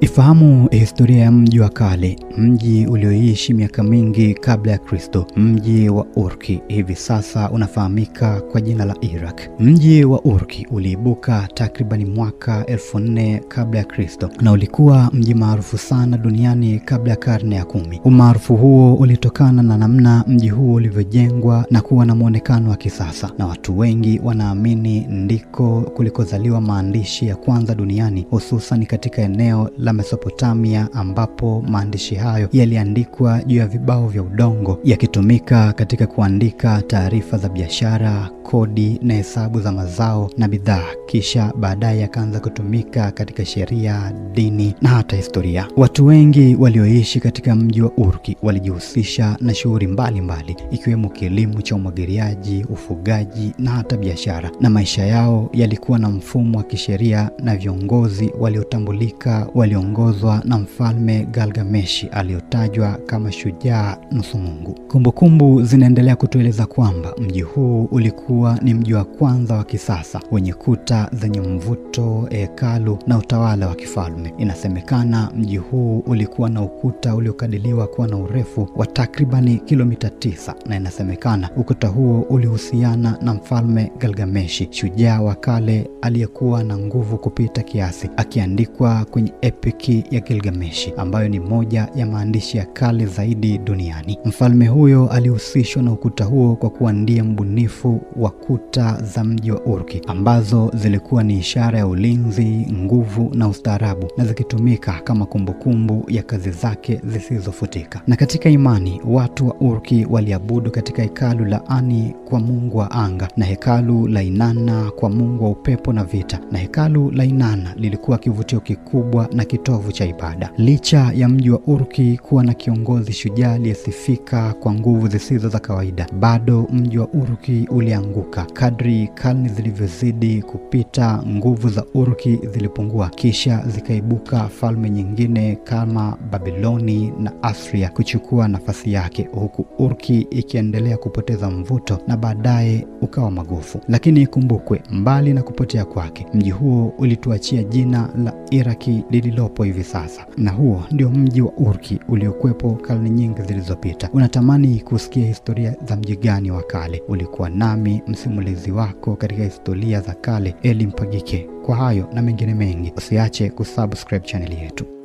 Ifahamu eh, historia ya mji wa kale, mji ulioishi miaka mingi kabla ya Kristo, mji wa Urki hivi sasa unafahamika kwa jina la Iraq. Mji wa Urki uliibuka takribani mwaka elfu nne kabla ya Kristo na ulikuwa mji maarufu sana duniani kabla ya karne ya kumi. Umaarufu huo ulitokana na namna mji huo ulivyojengwa na kuwa na mwonekano wa kisasa, na watu wengi wanaamini ndiko kulikozaliwa maandishi ya kwanza duniani, hususan katika eneo la la Mesopotamia ambapo maandishi hayo yaliandikwa juu ya vibao vya udongo yakitumika katika kuandika taarifa za biashara, kodi na hesabu za mazao na bidhaa, kisha baadaye yakaanza kutumika katika sheria, dini na hata historia. Watu wengi walioishi katika mji wa urki walijihusisha na shughuli mbalimbali ikiwemo kilimo cha umwagiliaji, ufugaji na hata biashara, na maisha yao yalikuwa na mfumo wa kisheria na viongozi waliotambulika walio aliongozwa na mfalme Galgameshi aliyotajwa kama shujaa nusu mungu. Kumbukumbu zinaendelea kutueleza kwamba mji huu ulikuwa ni mji wa kwanza wa kisasa wenye kuta zenye mvuto, hekalu na utawala wa kifalme. Inasemekana mji huu ulikuwa na ukuta uliokadiliwa kuwa na urefu wa takribani kilomita tisa na inasemekana ukuta huo ulihusiana na mfalme Galgameshi, shujaa wa kale aliyekuwa na nguvu kupita kiasi, akiandikwa kwenye epi pekee ya Gilgamesh ambayo ni moja ya maandishi ya kale zaidi duniani. Mfalme huyo alihusishwa na ukuta huo kwa kuwa ndiye mbunifu wa kuta za mji wa Uruk ambazo zilikuwa ni ishara ya ulinzi, nguvu na ustaarabu na zikitumika kama kumbukumbu kumbu ya kazi zake zisizofutika. Na katika imani, watu wa Uruk waliabudu katika hekalu la Ani kwa mungu wa anga na hekalu la Inanna kwa mungu wa upepo na vita, na hekalu la Inanna lilikuwa kivutio kikubwa na kitovu cha ibada. Licha ya mji wa Urki kuwa na kiongozi shujaa aliyesifika kwa nguvu zisizo za kawaida, bado mji wa Urki ulianguka. Kadri karne zilivyozidi kupita, nguvu za Urki zilipungua, kisha zikaibuka falme nyingine kama Babiloni na Asria kuchukua nafasi yake, huku Urki ikiendelea kupoteza mvuto na baadaye ukawa magofu. Lakini ikumbukwe, mbali na kupotea kwake, mji huo ulituachia jina la Iraki lililo uliopo hivi sasa, na huo ndio mji wa Urki uliokuwepo karne nyingi zilizopita. Unatamani kusikia historia za mji gani wa kale? Ulikuwa nami msimulizi wako katika historia za kale, Eli Mpagike. Kwa hayo na mengine mengi, usiache kusubscribe chaneli yetu.